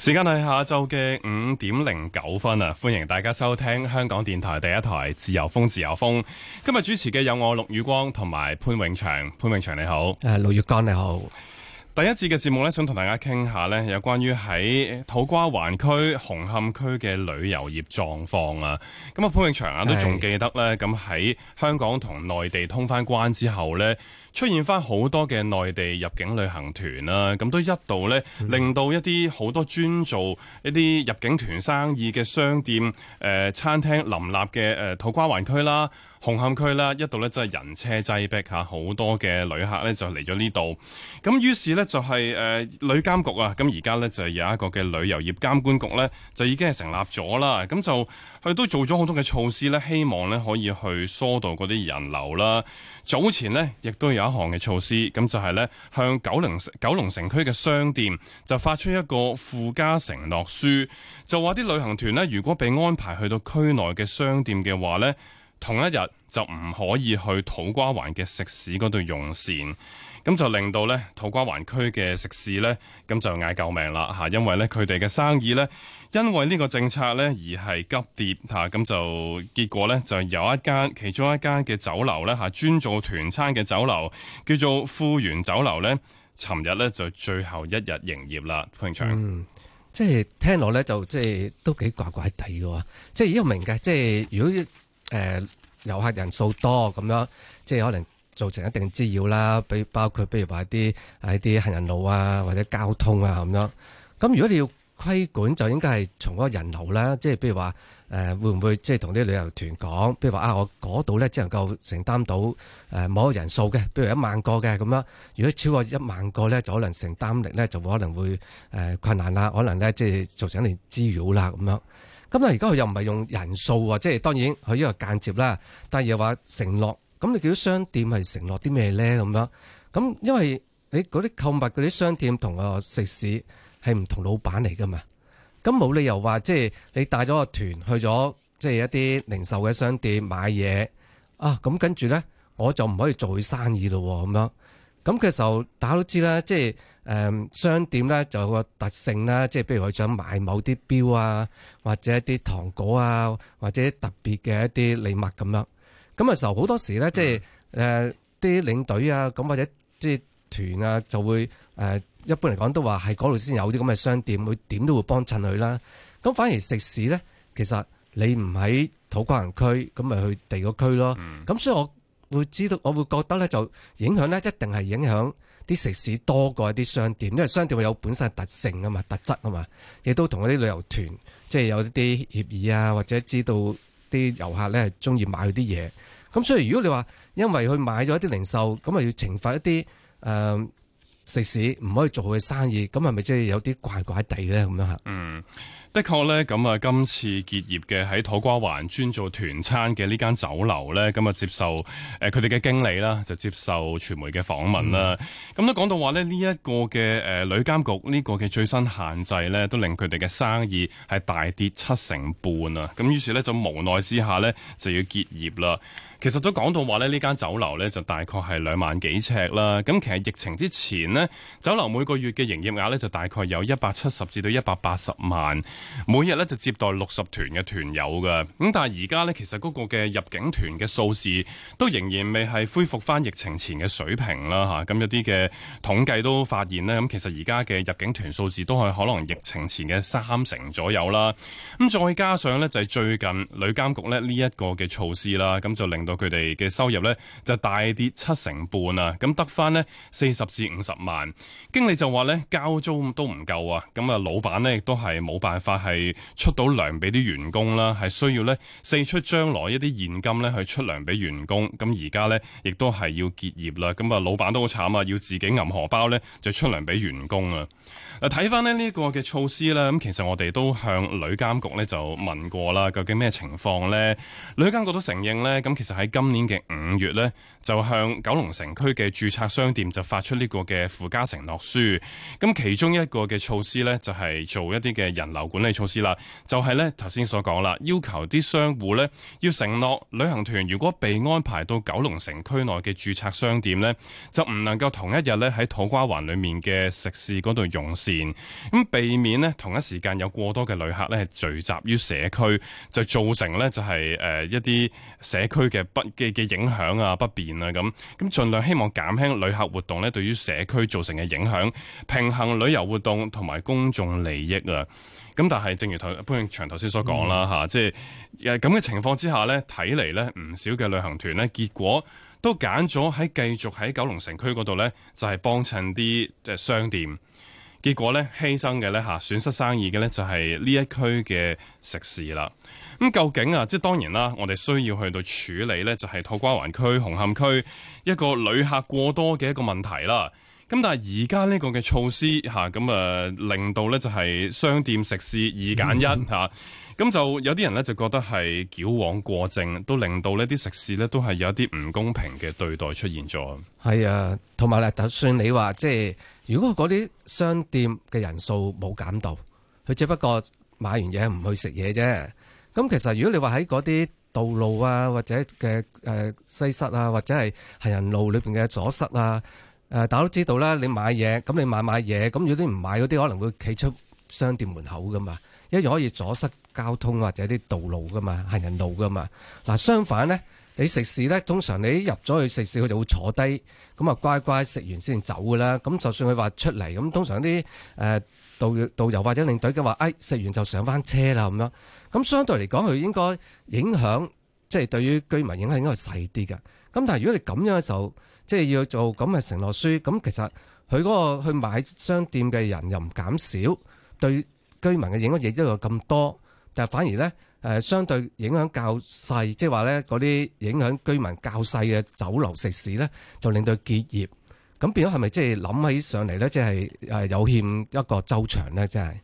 時間係下晝嘅五點零九分啊，歡迎大家收聽香港電台第一台自由風自由風。今日主持嘅有我陸宇光同埋潘永祥。潘永祥你好，誒，陸宇光你好。第一次嘅節目咧，想同大家傾下呢，有關於喺土瓜灣區、紅磡區嘅旅遊業狀況啊。咁啊潘永祥啊都仲記得呢，咁喺是香港同內地通翻關之後呢。出現翻好多嘅內地入境旅行團啦，咁都一度呢，令到一啲好多專做一啲入境團生意嘅商店、呃、餐廳林立嘅誒、呃、土瓜灣區啦、紅磡區啦，一度呢真係、就是、人車擠逼嚇，好多嘅旅客呢就嚟咗呢度。咁於是呢，就係、是、誒、呃、旅監局啊，咁而家呢，就係有一個嘅旅遊業監管局呢，就已經係成立咗啦。咁就佢都做咗好多嘅措施呢，希望呢可以去疏導嗰啲人流啦。早前呢亦都有一項嘅措施，咁就係呢向九龍九龍城區嘅商店就發出一個附加承諾書，就話啲旅行團呢如果被安排去到區內嘅商店嘅話呢。同一日就唔可以去土瓜灣嘅食肆嗰度用膳，咁就令到咧土瓜灣區嘅食肆咧，咁就嗌救命啦嚇！因為咧佢哋嘅生意咧，因為呢個政策咧而係急跌嚇，咁、啊、就結果咧就有一間其中一間嘅酒樓咧嚇，專做團餐嘅酒樓叫做富源酒樓咧，尋日咧就最後一日營業啦。潘長、嗯，即係聽落咧就即係都幾怪怪地嘅，即係又明嘅，即係如果。誒、呃、遊客人數多咁樣，即係可能造成一定滋擾啦。比包括，比如話一啲喺啲行人路啊，或者交通啊咁樣。咁如果你要規管，就應該係從嗰人流啦。即係譬如話，誒、呃、會唔會即係同啲旅遊團講？譬如話啊，我嗰度咧只能夠承擔到誒某個人數嘅，譬如一萬個嘅咁樣。如果超過一萬個咧，就可能承擔力咧就可能會誒、呃、困難啦。可能咧即係造成一定滋擾啦咁樣。咁啊，而家佢又唔係用人數啊，即係當然佢呢個間接啦。但係又話承諾，咁你叫商店係承諾啲咩咧？咁樣咁，因為你嗰啲購物嗰啲商店同個食肆係唔同老闆嚟噶嘛。咁冇理由話即係你帶咗個團去咗，即係一啲零售嘅商店買嘢啊。咁跟住咧，我就唔可以做佢生意咯。咁樣咁嘅時候，大家都知啦，即係。誒，商店咧就有個特性啦，即係譬如佢想買某啲表啊，或者一啲糖果啊，或者特別嘅一啲禮物咁樣。咁啊時候好多時咧，即係誒啲領隊啊，咁或者即係團啊，就會誒、呃、一般嚟講都話係嗰度先有啲咁嘅商店，佢點都會幫襯佢啦。咁反而食肆咧，其實你唔喺土瓜灣區，咁咪去地個區咯。咁、嗯、所以我會知道，我會覺得咧就影響咧，一定係影響啲食肆多過一啲商店，因為商店有本身嘅特性啊嘛、特質啊嘛，亦都同嗰啲旅遊團即係有啲協議啊，或者知道啲遊客咧鍾意買佢啲嘢。咁所以如果你話因為佢買咗一啲零售，咁啊要懲罰一啲誒、嗯、食肆唔可以做佢生意，咁係咪即係有啲怪怪地咧咁樣嚇？嗯。的確呢咁啊，今次結業嘅喺土瓜灣專做團餐嘅呢間酒樓呢，咁啊接受誒佢哋嘅經理啦，就接受傳媒嘅訪問啦。咁都講到話呢呢一個嘅誒旅監局呢個嘅最新限制呢，都令佢哋嘅生意係大跌七成半啊！咁於是呢，就無奈之下呢，就要結業啦。其實都講到話呢呢間酒樓呢，就大概係兩萬幾尺啦。咁其實疫情之前呢，酒樓每個月嘅營業額呢，就大概有一百七十至到一百八十萬。每日咧就接待六十團嘅團友噶，咁但係而家呢，其實嗰個嘅入境團嘅數字都仍然未係恢復翻疫情前嘅水平啦吓，咁有啲嘅統計都發現呢，咁其實而家嘅入境團數字都係可能疫情前嘅三成左右啦。咁再加上呢，就係最近旅監局咧呢一個嘅措施啦，咁就令到佢哋嘅收入呢就大跌七成半啦，咁得翻呢四十至五十萬，經理就話呢交租都唔夠啊，咁啊老闆呢亦都係冇辦法。係出到糧俾啲員工啦，係需要呢四出將來一啲現金呢去出糧俾員工，咁而家呢，亦都係要結業啦，咁啊老闆都好慘啊，要自己揞荷包呢，就出糧俾員工啊。嗱，睇翻呢呢個嘅措施呢，咁其實我哋都向旅監局呢就問過啦，究竟咩情況呢？旅監局都承認呢。咁其實喺今年嘅五月呢。就向九龍城區嘅註冊商店就發出呢個嘅附加承諾書，咁其中一個嘅措施咧就係、是、做一啲嘅人流管理措施啦，就係咧頭先所講啦，要求啲商戶咧要承諾，旅行團如果被安排到九龍城區內嘅註冊商店咧，就唔能夠同一日咧喺土瓜灣裏面嘅食肆度用膳，咁避免咧同一時間有過多嘅旅客咧係聚集於社區，就造成咧就係、是、誒、呃、一啲社區嘅不嘅嘅影響啊不便。咁，咁儘量希望減輕旅客活動呢對於社區造成嘅影響，平衡旅遊活動同埋公眾利益啊。咁但係正如潘永祥頭先所講啦嚇即係咁嘅情況之下呢睇嚟呢唔少嘅旅行團呢結果都揀咗喺繼續喺九龍城區嗰度呢就係幫襯啲即係商店。結果咧，犧牲嘅咧吓損失生意嘅咧就係呢一區嘅食肆啦。咁究竟啊，即係當然啦，我哋需要去到處理咧就係土瓜灣區、紅磡區一個旅客過多嘅一個問題啦。咁但係而家呢個嘅措施吓，咁啊，令到咧就係商店食肆二揀一吓，咁、嗯啊、就有啲人咧就覺得係矯枉過正，都令到呢啲食肆咧都係有一啲唔公平嘅對待出現咗。係啊，同埋咧，就算你話即係，如果嗰啲商店嘅人數冇減到，佢只不過買完嘢唔去食嘢啫。咁其實如果你話喺嗰啲道路啊或者嘅誒、呃、西塞啊或者係行人路裏邊嘅阻塞啊。誒，大家都知道啦。你買嘢，咁你買買嘢，咁如果啲唔買嗰啲，可能會企出商店門口噶嘛，一樣可以阻塞交通或者啲道路噶嘛，行人路噶嘛。嗱，相反咧，你食肆咧，通常你入咗去食肆，佢就會坐低，咁啊乖乖食完先走噶啦。咁就算佢話出嚟，咁通常啲誒導導遊或者領隊嘅話，誒、哎、食完就上翻車啦咁樣，咁相對嚟講，佢應該影響即係、就是、對於居民影響應該係細啲㗎。咁但係如果你咁樣嘅時候，即係要做咁嘅承諾書，咁其實佢嗰個去買商店嘅人又唔減少，對居民嘅影響亦都有咁多，但係反而咧誒相對影響較細，即係話咧嗰啲影響居民較細嘅酒樓食肆咧，就令到佢結業，咁變咗係咪即係諗起上嚟咧，即係誒有欠一個周長咧，即係。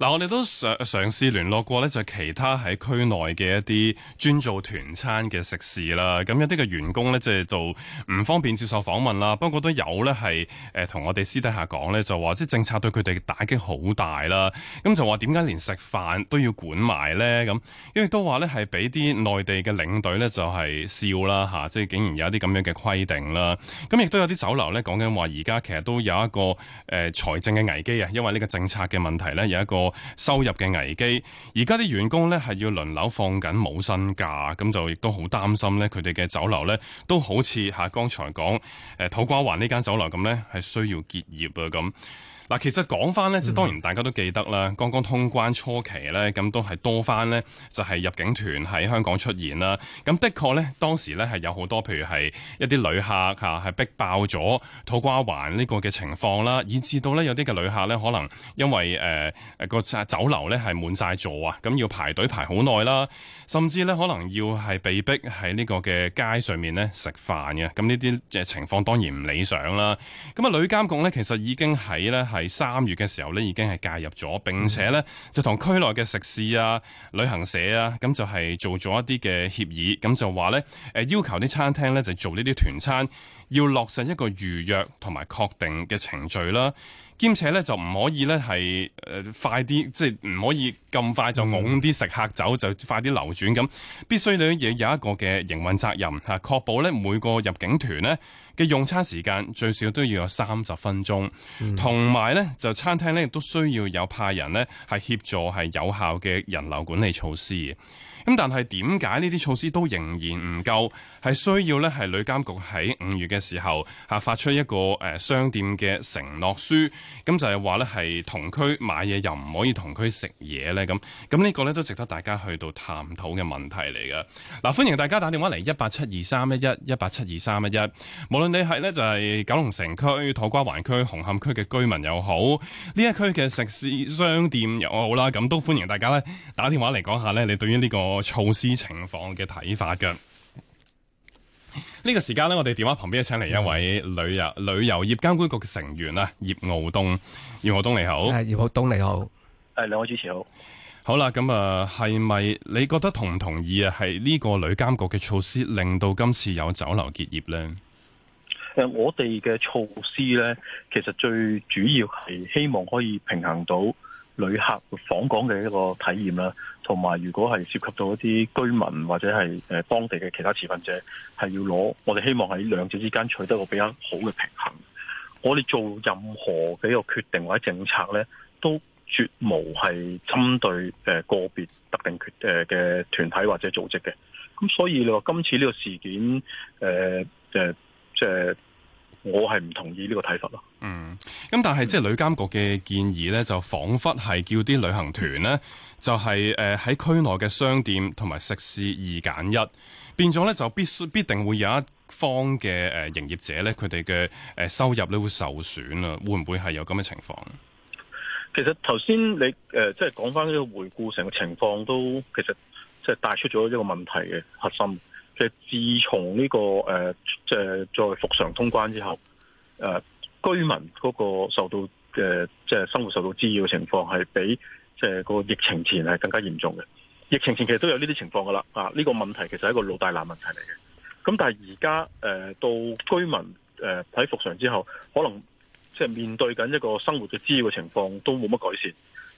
嗱、啊，我哋都嘗嘗試聯絡過咧，就其他喺區內嘅一啲專做團餐嘅食肆啦。咁有啲嘅員工咧，即係就唔方便接受訪問啦。不過都有咧，係誒同我哋私底下講咧，就話即係政策對佢哋打擊好大啦。咁就話點解連食飯都要管埋咧？咁因為都話咧係俾啲內地嘅領隊咧，就係、是、笑啦吓、啊，即係竟然有一啲咁樣嘅規定啦。咁亦都有啲酒樓咧講緊話，而家其實都有一個誒財、呃、政嘅危機啊，因為呢個政策嘅問題咧有一個。收入嘅危機，而家啲員工呢係要輪流放緊冇薪假，咁就亦都好擔心呢佢哋嘅酒樓呢都好似吓，剛才講誒土瓜灣呢間酒樓咁呢係需要結業啊咁。嗱，其實講翻呢，即係當然大家都記得啦。剛剛通關初期呢，咁都係多翻呢，就係入境團喺香港出現啦。咁的確呢，當時呢係有好多，譬如係一啲旅客吓係逼爆咗土瓜灣呢個嘅情況啦，以至到呢，有啲嘅旅客呢，可能因為誒個酒酒樓呢係滿晒座啊，咁要排隊排好耐啦，甚至呢可能要係被逼喺呢個嘅街上面呢食飯嘅。咁呢啲情況當然唔理想啦。咁、呃、啊，旅監局呢其實已經喺呢。係。喺三月嘅時候咧，已經係介入咗，並且咧就同區內嘅食肆啊、旅行社啊，咁就係做咗一啲嘅協議，咁就話咧，誒要求啲餐廳咧就做呢啲團餐，要落實一個預約同埋確定嘅程序啦，兼且咧就唔可以咧係誒快啲，即係唔可以咁快就拱啲食客走，就快啲流轉咁，必須呢啲嘢有一個嘅營運責任吓，確保咧每個入境團咧，嘅用餐時間最少都要有三十分鐘，同埋、嗯、呢就餐廳呢亦都需要有派人呢係協助係有效嘅人流管理措施嘅。咁但係點解呢啲措施都仍然唔夠？係需要咧，係旅監局喺五月嘅時候吓發出一個誒商店嘅承諾書，咁就係話咧，係同區買嘢又唔可以同區食嘢咧，咁咁呢個咧都值得大家去到探討嘅問題嚟噶。嗱、啊，歡迎大家打電話嚟一八七二三一一一八七二三一一，無論你係呢就係九龍城區、土瓜灣區、紅磡區嘅居民又好，呢一區嘅食肆、商店又好啦，咁都歡迎大家咧打電話嚟講下呢你對於呢個措施情況嘅睇法㗎。呢個時間呢，我哋電話旁邊請嚟一位旅遊、嗯、旅遊業監管局嘅成員啊，葉傲冬，葉傲冬你好，係葉傲冬你好，係兩位主持好，好啦，咁啊，係咪你覺得同唔同意啊？係呢個旅監局嘅措施令到今次有酒樓結業呢？誒、呃，我哋嘅措施呢，其實最主要係希望可以平衡到。旅客訪港嘅一個體驗啦，同埋如果係涉及到一啲居民或者係誒當地嘅其他持份者，係要攞我哋希望喺兩者之間取得一個比較好嘅平衡。我哋做任何嘅一個決定或者政策咧，都絕無係針對誒個別特定嘅團體或者組織嘅。咁所以你話今次呢個事件誒誒即係我係唔同意呢個睇法咯。嗯，咁但係即係旅監局嘅建議咧，就仿佛係叫啲旅行團咧，就係誒喺區內嘅商店同埋食肆二揀一，變咗咧就必須必定會有一方嘅誒營業者咧，佢哋嘅誒收入咧會受損啦。會唔會係有咁嘅情況？其實頭先你誒、呃、即係講翻呢個回顧成個情況都，其實即係帶出咗一個問題嘅核心。即係自從呢、這個誒，即係再復常通關之後，誒、呃、居民嗰個受到誒即係生活受到滋擾嘅情況，係比即係個疫情前係更加嚴重嘅。疫情前其實都有呢啲情況噶啦，啊呢、這個問題其實係一個老大難問題嚟嘅。咁但係而家誒到居民誒喺復常之後，可能即係面對緊一個生活嘅滋擾嘅情況，都冇乜改善。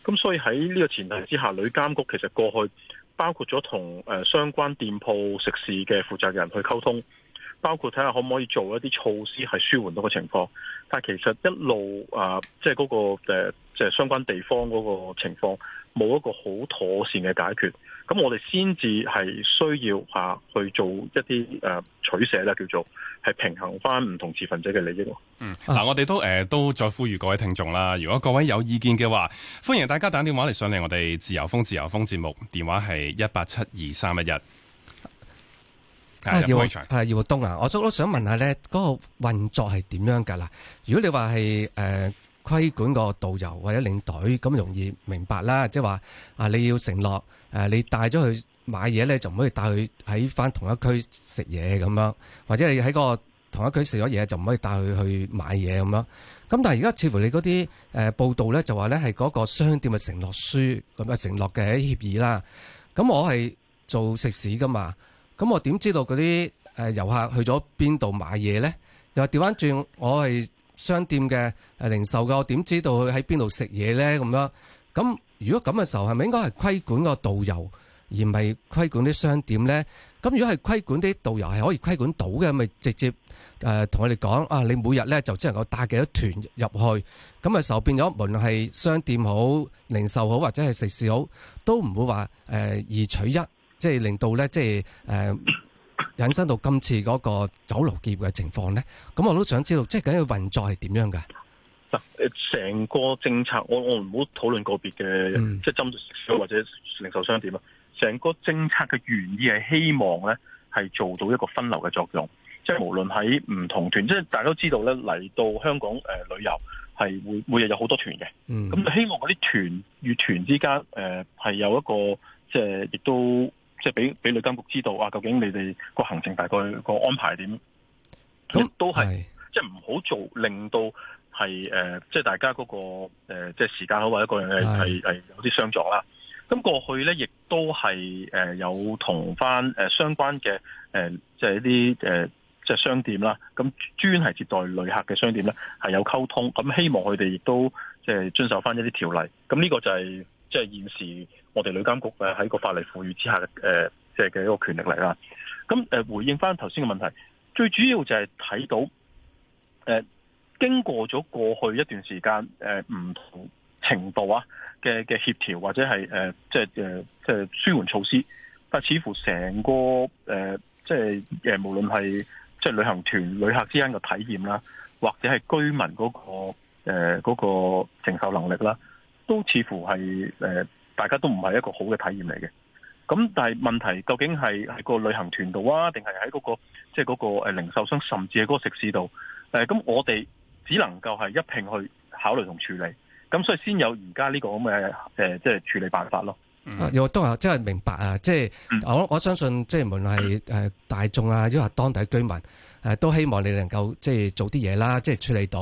咁所以喺呢個前提之下，旅監局其實過去包括咗同誒相關店鋪食肆嘅負責人去溝通，包括睇下可唔可以做一啲措施係舒緩到個情況。但係其實一路啊，即係嗰個誒，即係相關地方嗰個情況，冇一個好妥善嘅解決。咁我哋先至係需要嚇去做一啲誒取捨咧，叫做係平衡返唔同持份者嘅利益。嗯，嗱、啊啊啊，我哋都誒、呃、都再呼籲各位聽眾啦，如果各位有意見嘅話，歡迎大家打電話嚟上嚟我哋自由風自由風節目，電話係一八七二三一一。啊，葉啊，傲冬啊，我都都想問下咧，嗰個運作係點樣㗎啦？如果你話係誒。呃規管個導遊或者領隊，咁容易明白啦，即係話啊，你要承諾誒，你帶咗去買嘢咧，就唔可以帶佢喺翻同一區食嘢咁樣，或者你喺個同一區食咗嘢就唔可以帶佢去買嘢咁樣。咁但係而家似乎你嗰啲誒報道咧就話咧係嗰個商店嘅承諾書咁，啊承諾嘅協議啦。咁我係做食肆噶嘛，咁我點知道嗰啲誒遊客去咗邊度買嘢咧？又話調翻轉我係商店嘅係零售嘅，我點知道佢喺邊度食嘢咧？咁樣咁如果咁嘅時候，係咪應該係規管個導遊，而唔係規管啲商店咧？咁如果係規管啲導遊係可以規管到嘅，咪直接誒同佢哋講啊，你每日咧就只能夠帶幾多團入去，咁嘅時候，變咗，無論係商店好、零售好或者係食肆好，都唔會話誒、呃、二取一，即係令到咧即係誒。呃引申到今次嗰個酒樓結業嘅情況咧，咁我都想知道，即係究竟運作係點樣嘅？成個政策，我我唔好討論個別嘅，即係針對食肆或者零售商店啊。成個政策嘅原意係希望咧，係做到一個分流嘅作用，即係無論喺唔同團，即係大家都知道咧，嚟到香港誒、呃、旅遊係會每日有好多團嘅，咁、嗯、希望嗰啲團與團之間誒係、呃、有一個即係亦都。即係俾俾旅監局知道啊！究竟你哋個行程大概、個安排點？那都都係即係唔好做，令到係誒，即、呃、係、就是、大家嗰、那個誒，即、呃、係、就是、時間或一個係係是有啲相撞啦。咁過去咧，亦都係誒、呃、有同翻誒相關嘅誒，即、呃、係、就是、一啲誒即係商店啦。咁專係接待旅客嘅商店咧，係有溝通。咁希望佢哋亦都即係、就是、遵守翻一啲條例。咁呢個就係即係現時。我哋旅監局誒喺個法例賦予之下嘅誒即係嘅一個權力嚟啦。咁誒回應翻頭先嘅問題，最主要就係睇到誒經過咗過去一段時間誒唔同程度啊嘅嘅協調或者係誒即係誒即係舒緩措施，但似乎成個誒即係誒無論係即係旅行團旅客之間嘅體驗啦，或者係居民嗰個誒嗰個承受能力啦，都似乎係誒。大家都唔係一個好嘅體驗嚟嘅，咁但係問題究竟係喺個旅行團度啊，定係喺嗰個即係嗰個零售商，甚至係嗰個食肆度？誒、呃，咁我哋只能夠係一拼去考慮同處理，咁所以先有而家呢個咁嘅誒，即、呃、係、就是、處理辦法咯。嗯，又都係即係明白啊，即、就、係、是、我、嗯、我相信即係無論係誒大眾啊，亦或當地居民誒，都希望你能夠即係、就是、做啲嘢啦，即、就、係、是、處理到。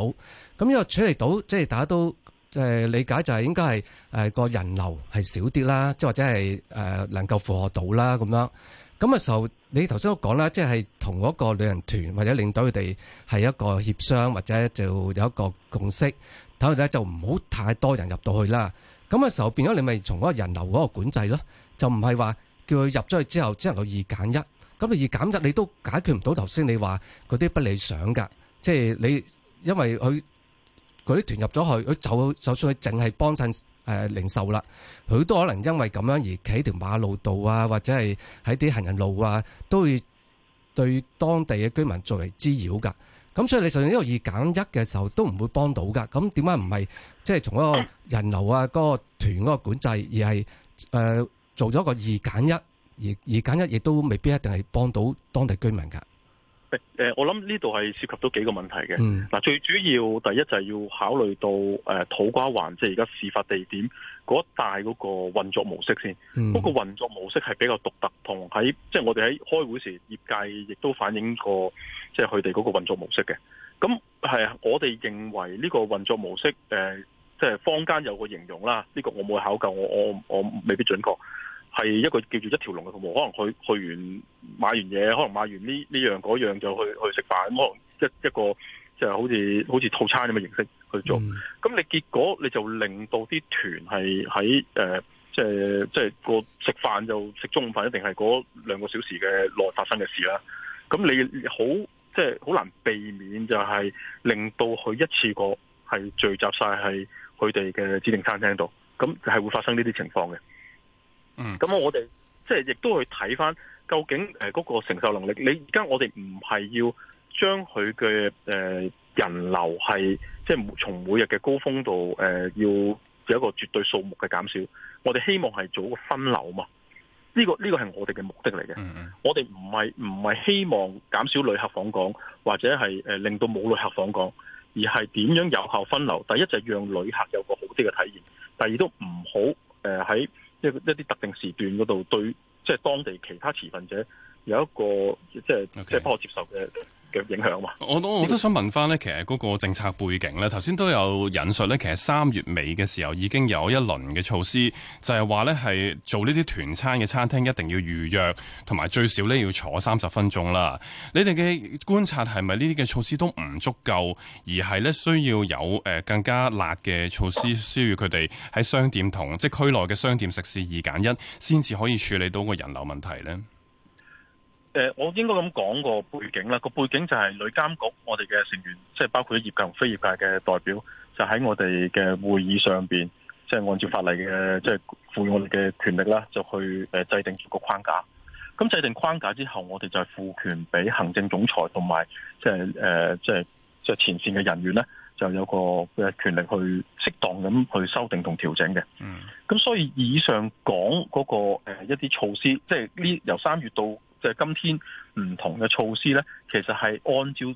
咁因為處理到，即、就、係、是、大家都。就係理解就係應該係誒個人流係少啲啦，即係或者係誒能夠符合到啦咁樣。咁嘅時候，你頭先都講啦，即係同嗰個旅行團或者領隊佢哋係一個協商，或者就有一個共識。等佢哋，就唔好太多人入到去啦。咁嘅時候，變咗你咪從嗰個人流嗰個管制咯。就唔係話叫佢入咗去之後只能夠二減一。咁你二減一，你都解決唔到頭先你話嗰啲不理想噶。即係你因為佢。嗰啲團入咗去，佢就就算佢淨係幫襯誒零售啦，佢都可能因為咁樣而企喺條馬路度啊，或者係喺啲行人路啊，都會對當地嘅居民作為滋擾噶。咁所以你就算呢個二減一嘅時候，都唔會幫到噶。咁點解唔係即係從嗰個人流啊、嗰、嗰個團嗰個管制，而係誒、呃、做咗個二減一，而二減一亦都未必一定係幫到當地居民噶？誒，我諗呢度係涉及到幾個問題嘅。嗱，最主要第一就係要考慮到誒土瓜灣，即係而家事發地點嗰一帶嗰個運作模式先。不過運作模式係比較獨特，同喺即係我哋喺開會時業界亦都反映過，即係佢哋嗰個運作模式嘅。咁係我哋認為呢個運作模式，誒，即係坊間有個形容啦。呢個我冇考究，我我我未必準確。係一個叫做一條龍嘅服務，可能去去完買完嘢，可能買完呢呢樣嗰樣就去去食飯，可能一一個就係好似好似套餐咁嘅形式去做。咁、嗯、你結果你就令到啲團係喺誒，即係即係個食飯就食中午飯，一定係嗰兩個小時嘅內發生嘅事啦。咁你好即係好難避免，就係令到佢一次過係聚集晒係佢哋嘅指定餐廳度，咁係會發生呢啲情況嘅。嗯，咁我哋即係亦都去睇翻究竟誒，嗰個承受能力。你而家我哋唔係要將佢嘅誒人流係即係從每日嘅高峰度誒，要有一個絕對數目嘅減少。我哋希望係做個分流嘛？呢個呢個係我哋嘅目的嚟嘅。我哋唔係唔係希望減少旅客訪港，或者係誒令到冇旅客訪港，而係點樣有效分流？第一就係讓旅客有個好啲嘅體驗，第二都唔好誒喺。一一啲特定時段嗰度對即係、就是、當地其他持份者有一個即係即係不可接受嘅 Okay. 影響嘛？我都我都想問翻咧，其實嗰個政策背景咧，頭先都有引述咧。其實三月尾嘅時候已經有一輪嘅措施，就係話咧係做呢啲團餐嘅餐廳一定要預約，同埋最少咧要坐三十分鐘啦。你哋嘅觀察係咪呢啲嘅措施都唔足夠，而係咧需要有誒更加辣嘅措施，需要佢哋喺商店同即係區內嘅商店食肆二揀一，先至可以處理到個人流問題呢？誒，我應該咁講個背景啦。個背景就係旅監局，我哋嘅成員即係包括業界同非業界嘅代表，就喺我哋嘅會議上邊，即係按照法例嘅，即係賦予我哋嘅權力啦，就去誒制定住個框架。咁制定框架之後，我哋就係賦權俾行政總裁同埋，即係誒，即係即係前線嘅人員咧，就有個嘅權力去適當咁去修訂同調整嘅。嗯。咁所以以上講嗰個誒一啲措施，即係呢由三月到。就係今天唔同嘅措施咧，其實係按照誒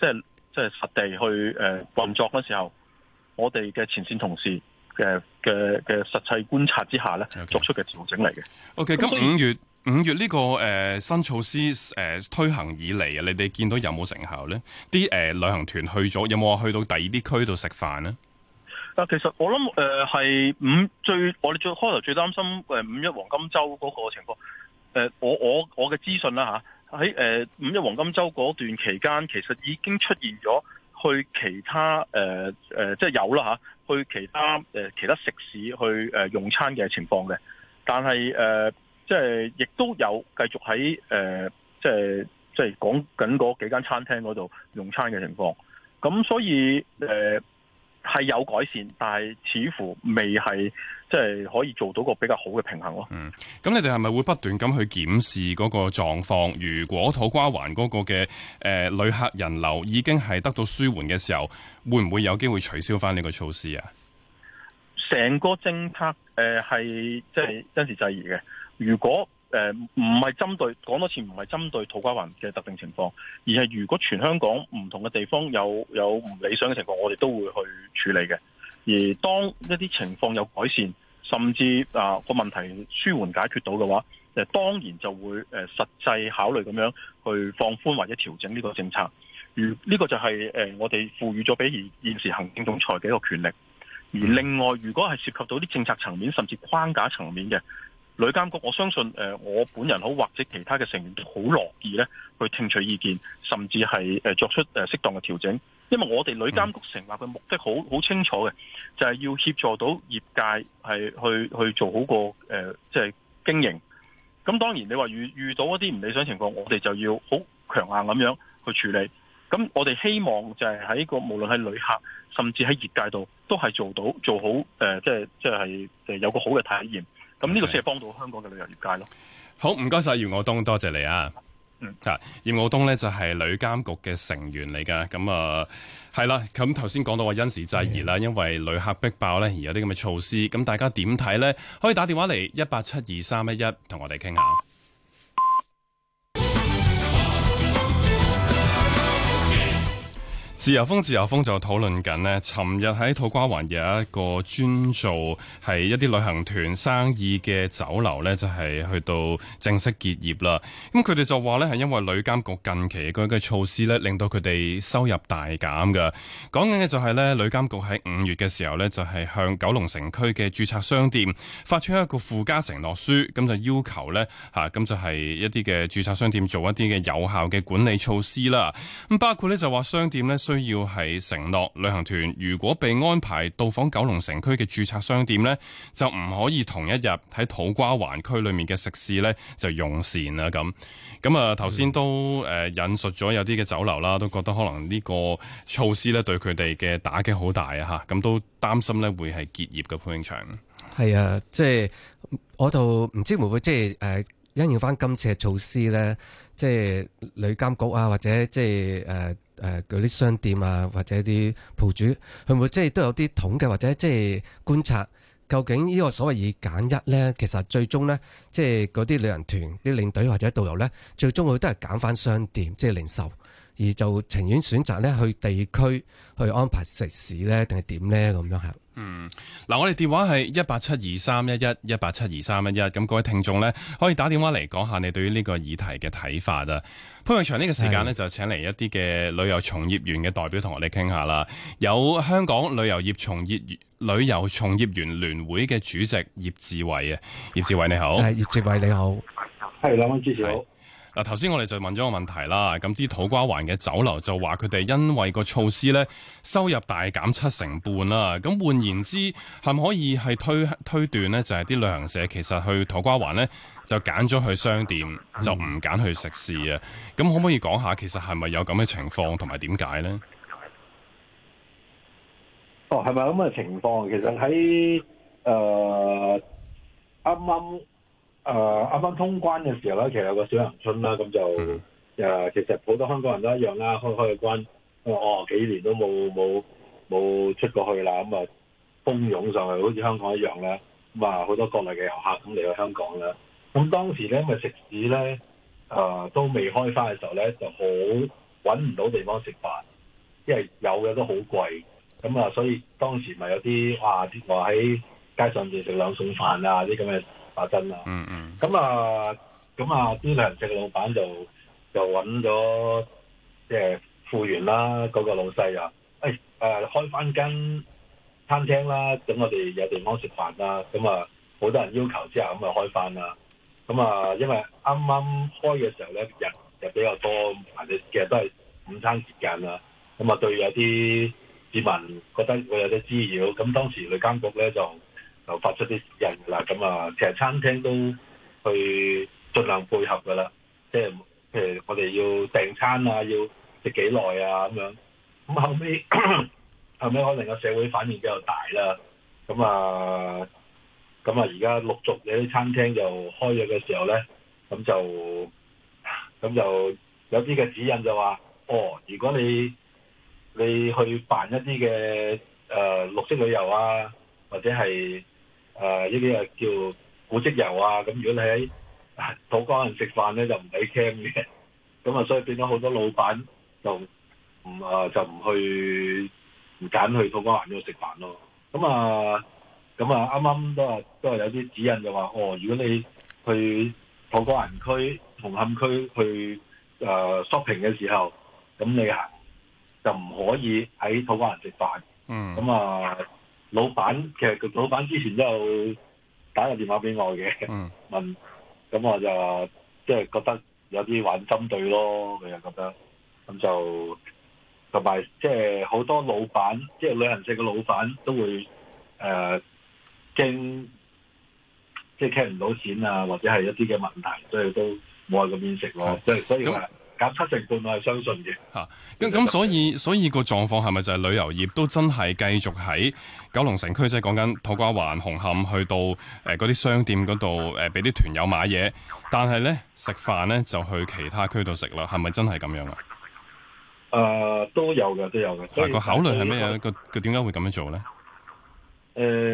即係即係實地去誒、呃、運作嗰時候，我哋嘅前線同事嘅嘅嘅實際觀察之下咧，Okay. 作出嘅調整嚟嘅。OK，咁五、嗯、月五月呢、呢個誒、呃、新措施誒、呃、推行以嚟啊，你哋見到有冇成效咧？啲誒、呃、旅行團去咗有冇話去到第二啲區度食飯咧？啊、呃，其實我諗誒係五最，我哋最開頭最，最擔心誒五一黃金周嗰個情況。誒我我我嘅資訊啦嚇，喺誒五一黃金周嗰段期間，其實已經出現咗去其他誒誒即係有啦嚇，去其他誒其他食肆去誒用餐嘅情況嘅，但係誒即係亦都有繼續喺誒即係即係講緊嗰幾間餐廳嗰度用餐嘅情況，咁所以誒、呃。係有改善，但係似乎未係即係可以做到一個比較好嘅平衡咯，啊。嗯，咁你哋係咪會不斷咁去檢視嗰個狀況？如果土瓜灣嗰個嘅誒、呃、旅客人流已經係得到舒緩嘅時候，會唔會有機會取消返呢個措施啊？成個政策誒係即係因時制宜嘅，如果。誒，唔係針對，講多次，唔係針對土瓜灣嘅特定情況，而係如果全香港唔同嘅地方有有唔理想嘅情況，我哋都會去處理嘅。而當一啲情況有改善，甚至啊個問題舒緩解決到嘅話，誒，當然就會誒實際考慮咁樣去放寬或者調整呢個政策。而呢個就係誒我哋賦予咗俾現現時行政總裁嘅一個權力。而另外，如果係涉及到啲政策層面，甚至框架層面嘅。旅監局，我相信，誒，我本人好，或者其他嘅成員都好樂意咧，去聽取意見，甚至係誒作出誒適當嘅調整。因為我哋旅監局成立嘅目的好好清楚嘅，就係、是、要協助到業界係去去做好個誒，即、呃、係、就是、經營。咁當然你，你話遇遇到一啲唔理想情況，我哋就要好強硬咁樣去處理。咁我哋希望就係喺個無論係旅客，甚至喺業界度，都係做到做好，誒、呃，即係即係誒有個好嘅體驗。咁呢個先係幫到香港嘅旅遊業界咯。Okay. 好，唔該晒，葉傲冬，多謝你啊。嗯，啊，葉傲冬呢就係、是、旅監局嘅成員嚟噶。咁啊，係、呃、啦。咁頭先講到話因時制宜啦，嗯、因為旅客逼爆呢而有啲咁嘅措施。咁大家點睇呢？可以打電話嚟一八七二三一一，同我哋傾下。自由風，自由風就討論緊呢，尋日喺土瓜灣有一個專做係一啲旅行團生意嘅酒樓呢，就係去到正式結業啦。咁佢哋就話呢，係因為旅監局近期嗰啲措施呢，令到佢哋收入大減㗎。講緊嘅就係呢，旅監局喺五月嘅時候呢，就係向九龍城區嘅註冊商店發出一個附加承諾書，咁就要求呢，吓，咁就係一啲嘅註冊商店做一啲嘅有效嘅管理措施啦。咁包括呢，就話商店呢需要需要係承諾，旅行團如果被安排到訪九龍城區嘅註冊商店呢，就唔可以同一日喺土瓜灣區裏面嘅食肆呢就用膳啦。咁咁啊，頭先都誒、呃、引述咗有啲嘅酒樓啦，都覺得可能呢個措施呢對佢哋嘅打擊好大啊！吓，咁都擔心呢會係結業嘅鋪場。係啊，即係我就唔知會唔會即係誒因應翻今次嘅措施呢，即係旅監局啊，或者即係誒。呃誒嗰啲商店啊，或者啲鋪主，佢會唔會即係都有啲統計，或者即係觀察究竟呢個所謂二揀一咧，其實最終咧，即係嗰啲旅行團、啲領隊或者導遊咧，最終佢都係揀翻商店，即係零售。而就情願選擇咧去地區去安排食肆，咧，定係點咧咁樣嚇？嗯，嗱，我哋電話係一八七二三一一一八七二三一一，咁各位聽眾呢，可以打電話嚟講下你對於呢個議題嘅睇法啊。潘永祥呢個時間呢，是就請嚟一啲嘅旅遊從業員嘅代表同我哋傾下啦。有香港旅遊業從業旅遊從業員聯會嘅主席葉志偉啊，葉志偉你好，係葉志偉你好，係兩位主持好。嗱，頭先我哋就問咗個問題啦。咁啲土瓜灣嘅酒樓就話佢哋因為個措施呢，收入大減七成半啦。咁換言之，係咪可以係推推斷呢？就係啲旅行社其實去土瓜灣呢，就揀咗去商店，就唔揀去食肆啊。咁可唔可以講下，其實係咪有咁嘅情況，同埋點解呢？哦，係咪咁嘅情況？其實喺誒啱啱，呃剛剛誒啱啱通關嘅時候咧，其實有個小陽春啦，咁就誒、嗯呃，其實好多香港人都一樣啦，開開個關，哦，幾年都冇冇冇出過去啦，咁、嗯、啊，蜂擁上去好似香港一樣咧，咁、嗯、啊，好多國內嘅遊客咁嚟到香港咧，咁、嗯、當時咧咪食肆咧，誒、呃、都未開翻嘅時候咧，就好揾唔到地方食飯，因為有嘅都好貴，咁、嗯、啊，所以當時咪有啲哇啲話喺街上邊食兩餸飯啊啲咁嘅。這些打針啦，嗯嗯，咁啊，咁啊，啲旅行社嘅老闆就就揾咗即係富源啦嗰、那個老細啊，誒、哎、誒、啊、開翻間餐廳啦，咁我哋有地方食飯啦，咁啊好多人要求之下咁啊開飯啦，咁啊因為啱啱開嘅時候咧人就比較多，或者其實都係午餐時間啦，咁啊對有啲市民覺得會有啲滋擾，咁當時旅監局咧就。就發出啲指引啦，咁啊，其實餐廳都去盡量配合噶啦，即係譬如我哋要訂餐啊，要食幾耐啊，咁樣，咁後尾，後尾可能個社會反應比較大啦，咁啊，咁啊，而家陸續有啲餐廳又開咗嘅時候咧，咁就咁就有啲嘅指引就話，哦，如果你你去辦一啲嘅誒綠色旅遊啊，或者係，誒呢啲啊叫古蹟遊啊，咁如果你喺土瓜灣食飯咧，就唔俾聽嘅。咁啊，所以變咗好多老闆就唔啊、呃，就唔去唔揀去土瓜灣呢度食飯咯。咁啊，咁啊，啱啱都係都有啲指引就話，哦，如果你去土瓜灣區、紅磡區去誒 shopping 嘅時候，咁你行就唔可以喺土瓜灣食飯。嗯，咁啊。老闆其實個老闆之前都有打個電話俾我嘅，嗯、問咁我就即係、就是、覺得有啲玩針對咯，佢又覺得咁就，同埋即係好多老闆，即、就、係、是、旅行社嘅老闆都會誒驚，即係聽唔到錢啊，或者係一啲嘅問題，所以都冇去嗰邊食咯。即係是所以話、就是。減七成半，我係相信嘅吓咁咁，啊、所以、嗯、所以個狀況係咪就係旅遊業都真係繼續喺九龍城區，即係講緊土瓜灣、紅磡，去到誒嗰啲商店嗰度誒，俾啲團友買嘢，但係咧食飯咧就去其他區度食啦，係咪真係咁樣啊？誒、呃，都有嘅，都有嘅。啊、以個考慮係咩啊？個佢點解會咁樣做咧？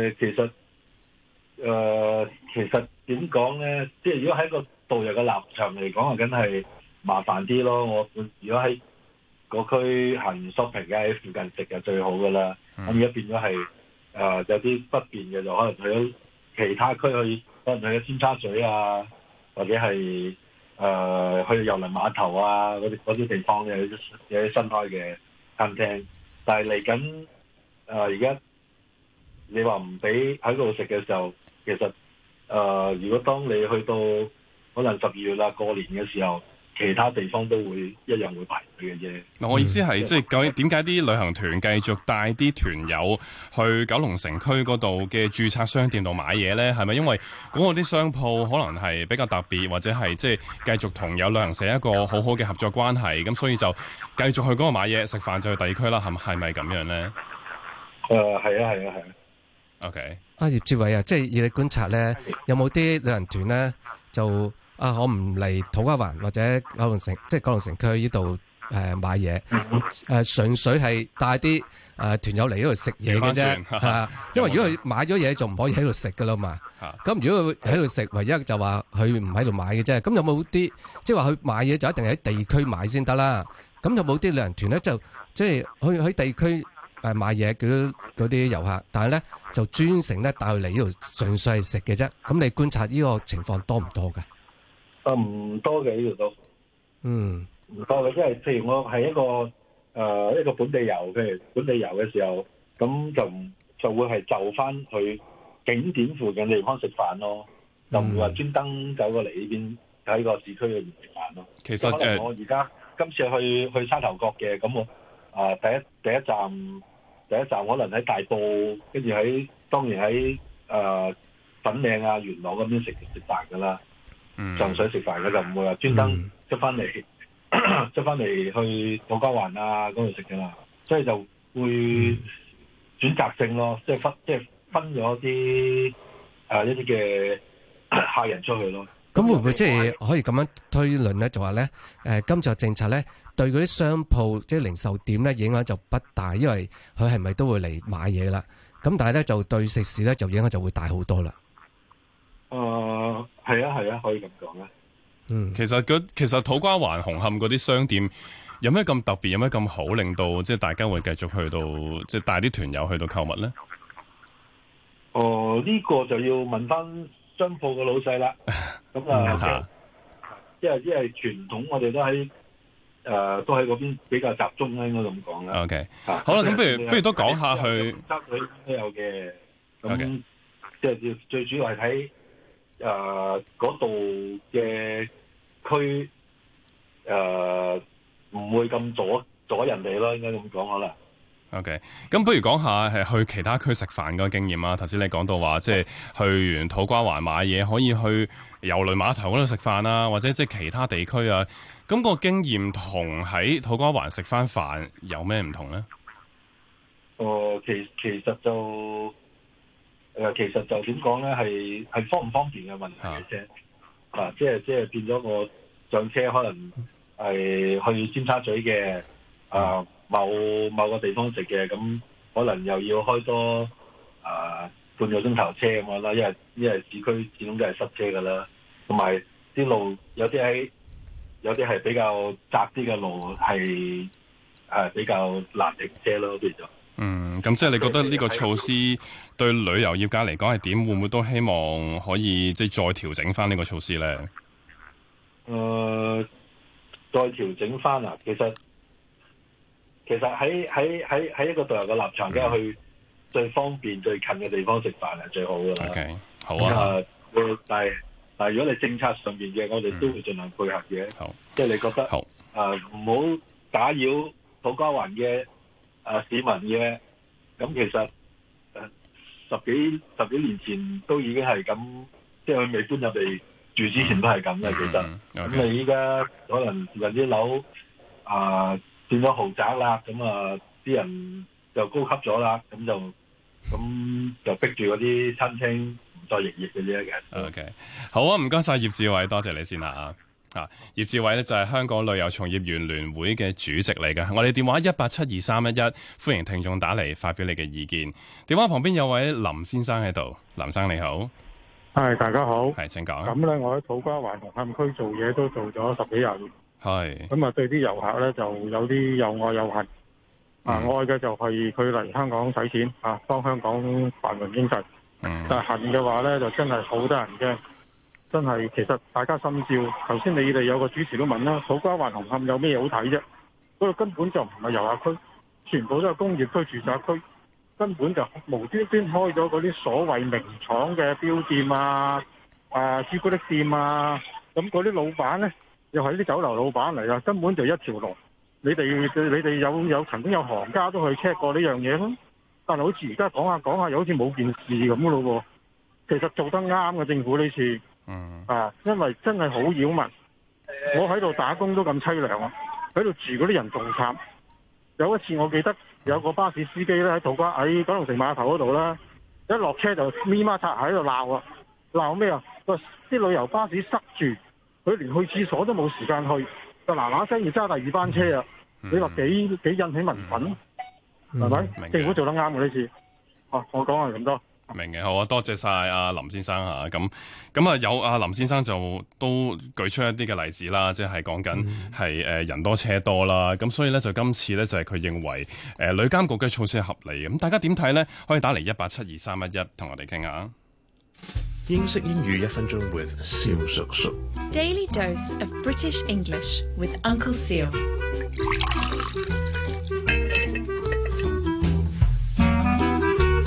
誒，其實誒、呃，其實點講咧？即、就、係、是、如果喺個導遊嘅立場嚟講，係梗係。麻煩啲咯，我如果喺嗰區行完 shopping，而喺附近食就最好噶啦。咁而家變咗係誒有啲不便嘅，就可能去咗其他區去，可能去咗尖沙咀啊，或者係誒、呃、去遊輪碼頭啊嗰啲啲地方嘅有啲新開嘅餐廳。但係嚟緊誒而家你話唔俾喺度食嘅時候，其實誒、呃、如果當你去到可能十二月啦，過年嘅時候。其他地方都會一樣會排隊嘅啫。嗱，我意思係、嗯、即係究竟點解啲旅行團繼續帶啲團友去九龍城區嗰度嘅註冊商店度買嘢咧？係咪因為嗰個啲商鋪可能係比較特別，或者係即係繼續同有旅行社一個好好嘅合作關係，咁、嗯、所以就繼續去嗰度買嘢食飯，就去第二區啦。係咪，係咪咁樣咧？誒、嗯，係啊，係啊，係啊。啊 OK 啊。阿葉志偉啊，即係以你觀察咧，啊、有冇啲旅行團咧就？啊！我唔嚟土瓜灣或者九龍城，即係九龍城區呢度誒買嘢，誒、嗯啊、純粹係帶啲誒、呃、團友嚟呢度食嘢嘅啫，啊、因為如果佢買咗嘢，就唔可以喺度食噶啦嘛。咁、啊、如果佢喺度食，唯一就話佢唔喺度買嘅啫。咁有冇啲即係話佢買嘢就一定喺地區買先得啦？咁有冇啲旅行團咧就即係去喺地區誒買嘢嗰嗰啲遊客，但係咧就專程咧帶佢嚟呢度純粹係食嘅啫。咁你觀察呢個情況多唔多㗎？啊，唔多嘅，呢度都，嗯，唔多嘅。即係譬如我係一個誒、呃、一個本地遊，譬如本地遊嘅時候，咁就就會係就翻去景點附近嘅地方食飯咯，就唔會話專登走過嚟呢邊喺個市區嘅食飯咯。其實、就是、我而家今次去去沙頭角嘅，咁我啊、呃、第一第一站第一站可能喺大埔，跟住喺當然喺誒粉嶺啊元朗嗰邊食食飯噶啦。嗯、就唔想食飯嘅就唔會話專登出翻嚟，出翻嚟去土瓜灣啊嗰度食嘅嘛，所以就會選擇性咯，即係、嗯、分即係分咗啲誒一啲嘅、啊、客人出去咯。咁會唔會即係可以咁樣推論咧？就話咧，誒、呃，今次政策咧對嗰啲商鋪即係零售點咧影響就不大，因為佢係咪都會嚟買嘢啦？咁但係咧就對食肆咧就影響就會大好多啦。誒、呃。係啊係啊，可以咁講啊。嗯，其實其實土瓜灣紅磡嗰啲商店有咩咁特別，有咩咁好，令到即係大家會繼續去到，即係帶啲團友去到購物咧？哦、呃，呢、這個就要問翻商鋪嘅老細啦。咁 啊， 即係因為傳統我哋都喺誒、呃、都喺嗰邊比較集中咧，應該咁講啦。OK，好啦，咁是不如是不如都講下去。都有嘅，咁 Okay. 即係要最主要係睇。誒，嗰度嘅區誒，唔、呃、會咁阻阻人哋啦，應該咁講下啦。OK，咁不如講下係去其他區食飯嘅經驗啊。頭先你講到話，即係去完土瓜灣買嘢，可以去郵輪碼頭嗰度食飯啊，或者即係其他地區啊。咁、那個經驗同喺土瓜灣食翻飯有咩唔同呢？誒、呃，其其實就。誒、呃，其實就點講咧，係係方唔方便嘅問題嘅啫。嗱、啊啊，即係即係變咗我上車可能係去尖沙咀嘅、呃、某某個地方食嘅，咁可能又要開多啊、呃、半個鐘頭車咁樣啦。因為因為市區始終都係塞車噶啦，同埋啲路有啲喺有啲係比較窄啲嘅路，係誒、啊、比較難停車咯，譬如就。嗯，咁即係你覺得呢個措施對旅遊業界嚟講係點？會唔會都希望可以即係再調整翻呢個措施咧？誒、呃，再調整翻啊！其實其實喺喺喺喺一個導遊嘅立場梗係、嗯、去最方便最近嘅地方食飯係最好噶啦。O、okay. K，好啊。呃、但係但係如果你政策上邊嘅，我哋都會盡量配合嘅、嗯。好，即係你覺得好誒，唔好、呃、打擾土瓜灣嘅。啊！市民嘅咁、啊、其實誒、啊、十幾十幾年前都已經係咁，即係佢未搬入嚟住之前都係咁嘅。嗯、其實咁你依家可能搵啲樓啊，變咗豪宅啦，咁啊啲人就高級咗啦，咁、嗯、就咁、嗯、 就逼住嗰啲餐廳唔再營業嘅呢一樣。O K，好啊，唔該晒葉志偉，多謝你先吓。啊，葉志偉咧就係香港旅遊從業員聯會嘅主席嚟噶。我哋電話一八七二三一一，歡迎聽眾打嚟發表你嘅意見。電話旁邊有位林先生喺度，林生你好，係大家好，係請講。咁咧、嗯，我喺土瓜灣紅磡區做嘢都做咗十幾廿年，係。咁啊，對啲遊客咧就有啲又愛又恨。Mm. 啊，愛嘅就係佢嚟香港使錢啊，幫香港繁榮經濟。嗯。Mm. 但係恨嘅話咧，就真係好得人驚。真係，其實大家心照。頭先你哋有個主持都問啦，土瓜灣紅磡有咩好睇啫？嗰度根本就唔係遊客區，全部都係工業區、住宅區，根本就無端端開咗嗰啲所謂名廠嘅標店啊，啊朱古力店啊，咁嗰啲老闆呢，又係啲酒樓老闆嚟啊，根本就一條龍。你哋你哋有有曾經有行家都去 check 過呢樣嘢咯，但係好似而家講下講下又好似冇件事咁咯喎。其實做得啱嘅政府呢次。嗯啊，因為真係好擾民，我喺度打工都咁淒涼啊！喺度住啲人仲慘，有一次我記得有個巴士司機咧，喺土瓜，喺九龍城碼頭度啦，一落車就咪媽擦喺度鬧啊！鬧咩啊？佢話啲旅遊巴士塞住，佢連去廁所都冇時間去，就嗱嗱聲要揸第二班車啊！你話幾幾引起民憤，係咪政府做得啱嘅呢次？啊，我講完咁多。明嘅好啊，多謝晒阿林先生啊，咁咁啊有阿林先生就都舉出一啲嘅例子啦，即係講緊係誒人多車多啦，咁、嗯、所以咧就今次咧就係佢認為誒旅、呃、監局嘅措施合理，咁大家點睇咧？可以打嚟一八七二三一一同我哋傾下。英式英語一分鐘 with 肖叔叔。Daily dose of British English with Uncle Seal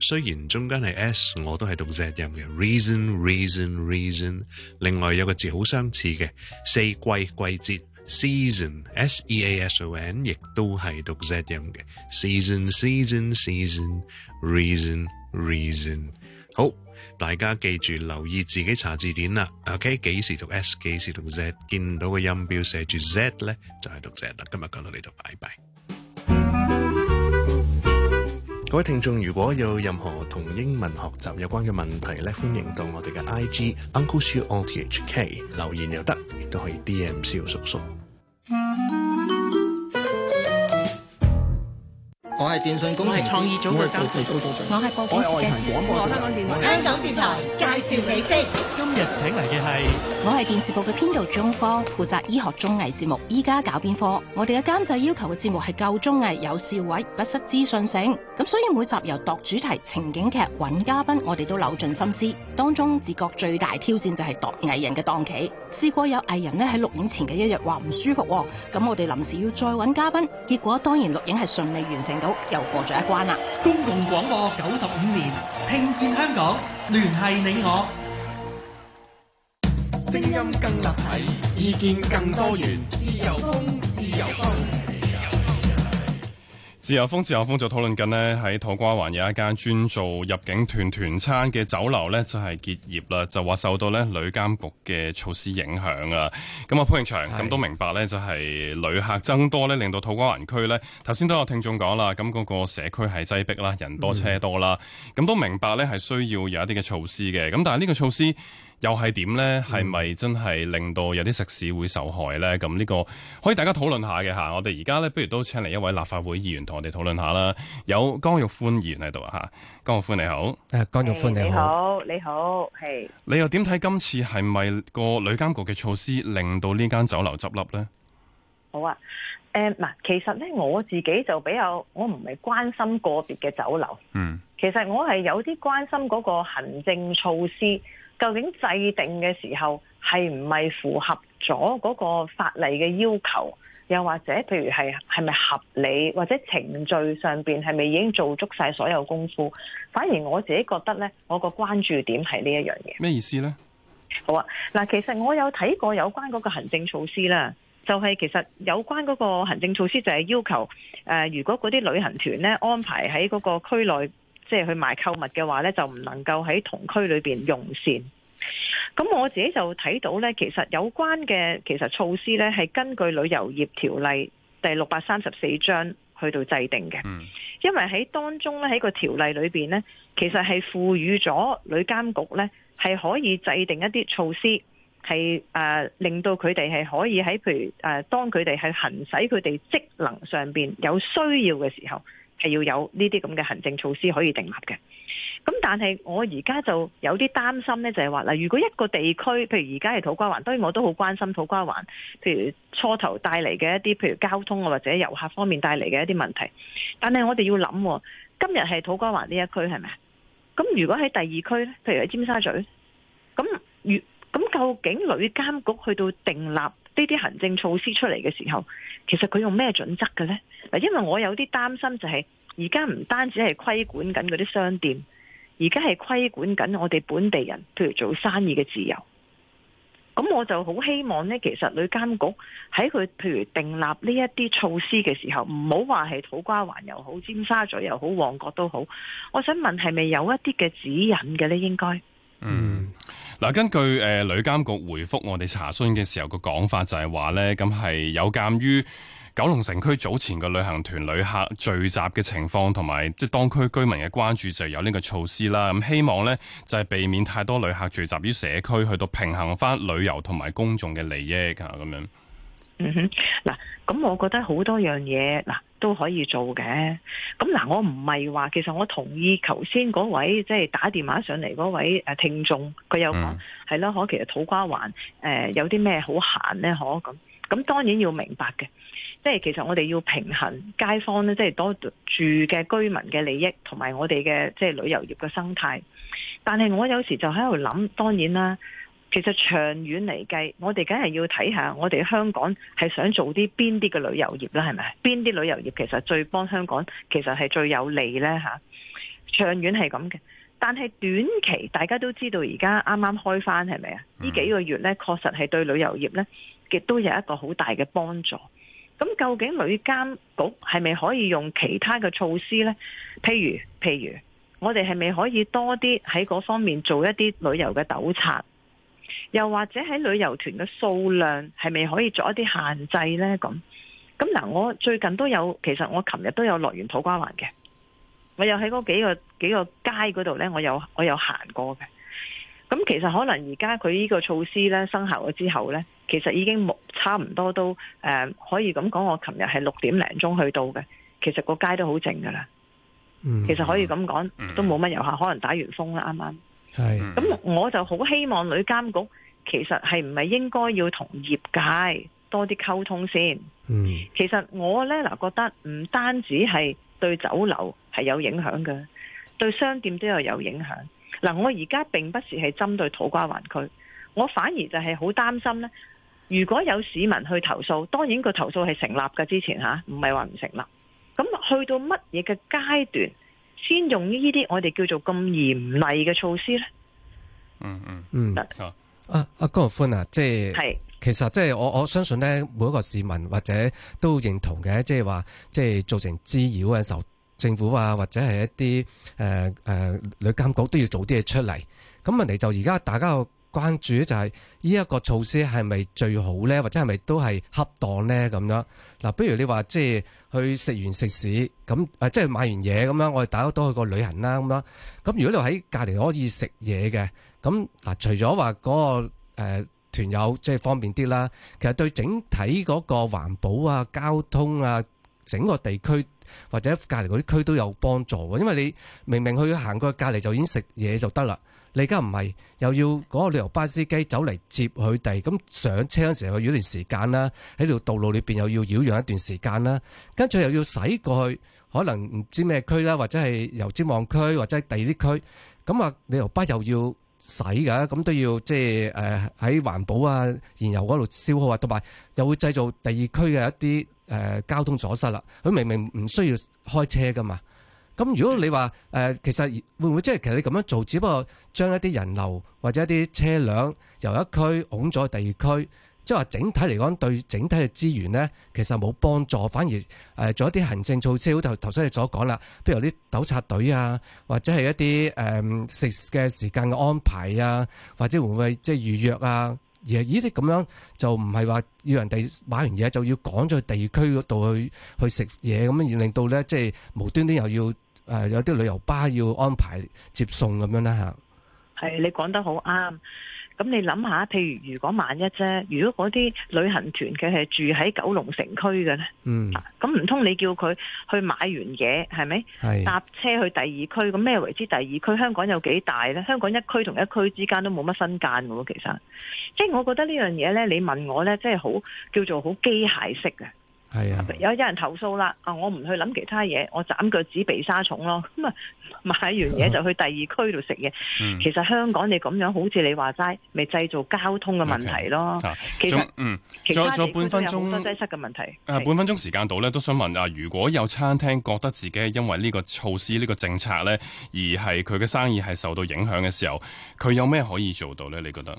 雖然中間係 S，我都係讀 Z 音嘅。Reason，reason，reason。另外有個字好相似嘅，四季季節 Season，S-E-A-S-O-N 亦都係讀 Z 音嘅。Season，season，season。Reason，reason。好，大家記住留意自己查字典啦。OK，幾時讀 S，幾時讀 Z？見到個音標寫住 Z 呢，就係讀 Z 啦。今日講到呢度，拜拜。各位聽眾，如果有任何同英文學習有關嘅問題咧，歡迎到我哋嘅 I G Uncle Siu RTHK 留言又得，亦都可以 D M 蕭叔叔。我係電信公營創意組嘅，我係播音時嘅香港電台，香港電台介紹李 s 今日請嚟嘅係。我係電視部嘅編導中科，負責醫學綜藝節目，依家搞邊科？我哋嘅監製要求嘅節目係夠綜藝，有笑位，不失資訊性。咁所以每集由度主題、情景劇揾嘉賓，我哋都扭盡心思。當中自覺最大挑戰就係度藝人嘅檔期。試過有藝人咧喺錄影前嘅一日話唔舒服，咁我哋臨時要再揾嘉賓。結果當然錄影係順利完成到，又過咗一關啦。公共廣播九十五年，聽見香港，聯繫你我。聲音更立體，意見更多元，自由風，自由風，自由風，自由風，自由風。由風由風由風就討論緊呢，喺土瓜灣有一間專做入境團團餐嘅酒樓呢就係結業啦。就話受到呢旅監局嘅措施影響啊。咁啊，潘永祥咁是都明白呢，就係旅客增多呢，令到土瓜灣區呢。頭先都有聽眾講啦。咁、那、嗰個社區係擠逼啦，人多車多啦。咁、嗯、都明白呢，係需要有一啲嘅措施嘅。咁但係呢個措施。又係點呢？係咪真係令到有啲食肆會受害呢？咁呢個可以大家討論下嘅吓。我哋而家呢，不如都請嚟一位立法會議員同我哋討論下啦。有江玉歡議員喺度啊，吓，江玉歡你好。誒，江玉歡你好，你好，你係。你又點睇今次係咪個旅監局嘅措施令到呢間酒樓執笠呢？好啊，誒，嗱，其實呢，我自己就比較，我唔係關心個別嘅酒樓，嗯，其實我係有啲關心嗰個行政措施。究竟制定嘅時候係唔係符合咗嗰個法例嘅要求，又或者譬如係係咪合理，或者程序上邊係咪已經做足晒所有功夫？反而我自己覺得咧，我個關注點係呢一樣嘢。咩意思咧？好啊，嗱，其實我有睇過有關嗰個行政措施啦，就係、是、其實有關嗰個行政措施就係要求，誒、呃，如果嗰啲旅行團咧安排喺嗰個區內。即係去買購物嘅話咧，就唔能夠喺同區裏邊用膳。咁我自己就睇到咧，其實有關嘅其實措施咧，係根據旅遊業條例第六百三十四章去到制定嘅。嗯、因為喺當中咧，喺個條例裏邊咧，其實係賦予咗旅監局咧，係可以制定一啲措施，係誒、呃、令到佢哋係可以喺譬如誒、呃、當佢哋係行使佢哋職能上邊有需要嘅時候，係要有呢啲咁嘅行政措施可以訂立嘅，咁但係我而家就有啲擔心呢，就係話嗱，如果一個地區，譬如而家係土瓜灣，當然我都好關心土瓜灣，譬如初頭帶嚟嘅一啲，譬如交通啊或者遊客方面帶嚟嘅一啲問題，但係我哋要諗，今日係土瓜灣呢一區係咪？咁如果喺第二區，譬如喺尖沙咀，咁如咁究竟旅監局去到訂立？呢啲行政措施出嚟嘅時候，其實佢用咩準則嘅咧？嗱，因為我有啲擔心就係、是，而家唔單止係規管緊嗰啲商店，而家係規管緊我哋本地人，譬如做生意嘅自由。咁我就好希望咧，其實旅監局喺佢譬如訂立呢一啲措施嘅時候，唔好話係土瓜灣又好，尖沙咀又好，旺角都好。我想問係咪有一啲嘅指引嘅咧？應該嗯。嗱，根據誒、呃、旅監局回覆我哋查詢嘅時候個講法就，就係話呢，咁係有鑑於九龍城區早前嘅旅行團旅客聚集嘅情況，同埋即係當區居民嘅關注，就有呢個措施啦。咁希望呢就係、係、避免太多旅客聚集於社區，去到平衡翻旅遊同埋公眾嘅利益啊，咁樣嗯哼，嗱，咁我覺得好多樣嘢嗱都可以做嘅。咁嗱，我唔係話，其實我同意頭先嗰位即係、就是、打電話上嚟嗰位誒、啊、聽眾，佢有講係咯，可、嗯、其實土瓜環灣誒、呃、有啲咩好閒咧？可咁咁，當然要明白嘅，即係其實我哋要平衡街坊咧，即、就、係、是、多住嘅居民嘅利益同埋我哋嘅即係旅遊業嘅生態。但係我有時就喺度諗，當然啦。其實長遠嚟計，我哋梗係要睇下我哋香港係想做啲邊啲嘅旅遊業啦，係咪？邊啲旅遊業其實最幫香港，其實係最有利咧吓。長遠係咁嘅，但係短期大家都知道剛剛，而家啱啱開翻係咪啊？呢、嗯、幾個月咧，確實係對旅遊業咧亦都有一個好大嘅幫助。咁究竟旅監局係咪可以用其他嘅措施咧？譬如譬如，我哋係咪可以多啲喺嗰方面做一啲旅遊嘅督察？又或者喺旅遊團嘅數量係咪可以做一啲限制呢？咁咁，嗱，我最近都有，其實我琴日都有落完土瓜灣嘅，我又喺嗰幾個幾個街嗰度呢，我有我有行過嘅。咁其實可能而家佢呢個措施呢生效咗之後呢，其實已經差唔多都誒、呃，可以咁講。我琴日係六點零鐘去到嘅，其實個街都好靜噶啦。嗯、其實可以咁講，嗯、都冇乜遊客，可能打完風啦，啱啱。咁、嗯、我就好希望旅監局其實係唔係應該要同業界多啲溝通先。嗯，其實我呢嗱覺得唔單止係對酒樓係有影響嘅，對商店都有有影響。嗱、啊，我而家並不是係針對土瓜灣區，我反而就係好擔心呢，如果有市民去投訴，當然個投訴係成立嘅。之前吓，唔係話唔成立。咁去到乜嘢嘅階段？先用呢啲我哋叫做咁嚴厲嘅措施咧、嗯。嗯嗯嗯。啊阿江玉歡啊，即係，係，其實即係我我相信咧，每一個市民或者都認同嘅，即係話，即、就、係、是、造成滋擾嘅時候，政府啊，或者係一啲誒誒旅監局都要做啲嘢出嚟。咁問題就而家大家關注咧就係呢一個措施係咪最好咧，或者係咪都係恰當咧咁樣？嗱，不如你話即係去食完食肆咁，即係買完嘢咁樣，我哋大家都去過旅行啦咁樣。咁如果你喺隔離可以食嘢嘅，咁嗱，除咗話嗰個誒團友即係方便啲啦，其實對整體嗰個環保啊、交通啊、整個地區或者隔離嗰啲區都有幫助喎。因為你明明去行過去隔離就已經食嘢就得啦。你而家唔係又要嗰個旅遊巴司機走嚟接佢哋，咁上車嗰陣時候又要一段時間啦，喺條道路裏邊又要擾攘一段時間啦，跟住又要駛過去，可能唔知咩區啦，或者係油尖旺區或者係第啲區，咁啊旅遊巴又要使㗎，咁都要即係誒喺環保啊、燃油嗰度消耗啊，同埋又會製造第二區嘅一啲誒交通阻塞啦。佢明明唔需要開車噶嘛。咁如果你話誒、呃，其實會唔會即、就、係、是、其實你咁樣做，只不過將一啲人流或者一啲車輛由一區拱咗去第二區，即係話整體嚟講對整體嘅資源咧，其實冇幫助，反而誒做、呃、一啲行政措施，好似頭頭先你所講啦，譬如啲糾察隊啊，或者係一啲誒、呃、食嘅時間嘅安排啊，或者會唔會即係預約啊？而係呢啲咁樣就唔係話要人哋買完嘢就要趕咗去地區嗰度去去食嘢咁樣，而令到咧即係無端端端又要。誒、啊，有啲旅遊巴要安排接送咁樣啦。吓，係你講得好啱。咁你諗下，譬如如果萬一啫，如果嗰啲旅行團佢係住喺九龍城區嘅咧，嗯，咁唔通你叫佢去買完嘢係咪？係。搭車去第二區？咁咩為之第二區？香港有幾大呢？香港一區同一區之間都冇乜分間嘅喎，其實。即係我覺得呢樣嘢呢，你問我呢，即係好叫做好機械式嘅。係啊，有啲人投訴啦，啊，我唔去諗其他嘢，我斬腳趾避沙蟲咯，咁啊買完嘢就去第二區度食嘢。嗯、其實香港你咁樣好似你話齋，咪製造交通嘅問題咯。Okay, 啊、其實嗯，仲有，仲有半分鐘，好多擠塞嘅問題。呃、半分鐘時間到咧，都想問啊、呃，如果有餐廳覺得自己係因為呢個措施呢、呢個政策咧，而係佢嘅生意係受到影響嘅時候，佢有咩可以做到咧？你覺得？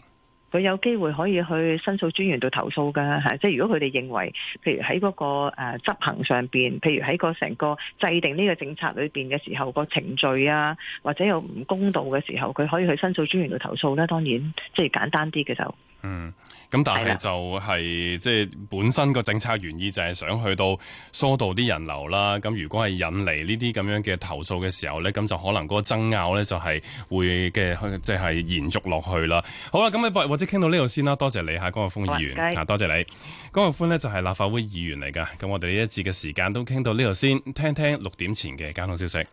佢有機會可以去申訴專員度投訴噶嚇，即係如果佢哋認為，譬如喺嗰個誒執行上面，譬如喺個成個制定呢個政策裏面嘅時候，個程序啊，或者有唔公道嘅時候，佢可以去申訴專員度投訴啦。當然，即係簡單啲嘅就。嗯，咁但係就係即係本身個政策原意就係想去到疏導啲人流啦。咁如果係引嚟呢啲咁樣嘅投訴嘅時候咧，咁就可能嗰個爭拗咧就係會嘅，即係延續落去啦。好啦，咁你或者傾到呢度先啦。多謝你，江玉歡議員啊，多謝你，江玉歡咧就係立法會議員嚟噶。咁我哋呢一節嘅時間都傾到呢度先，聽聽六點前嘅交通消息。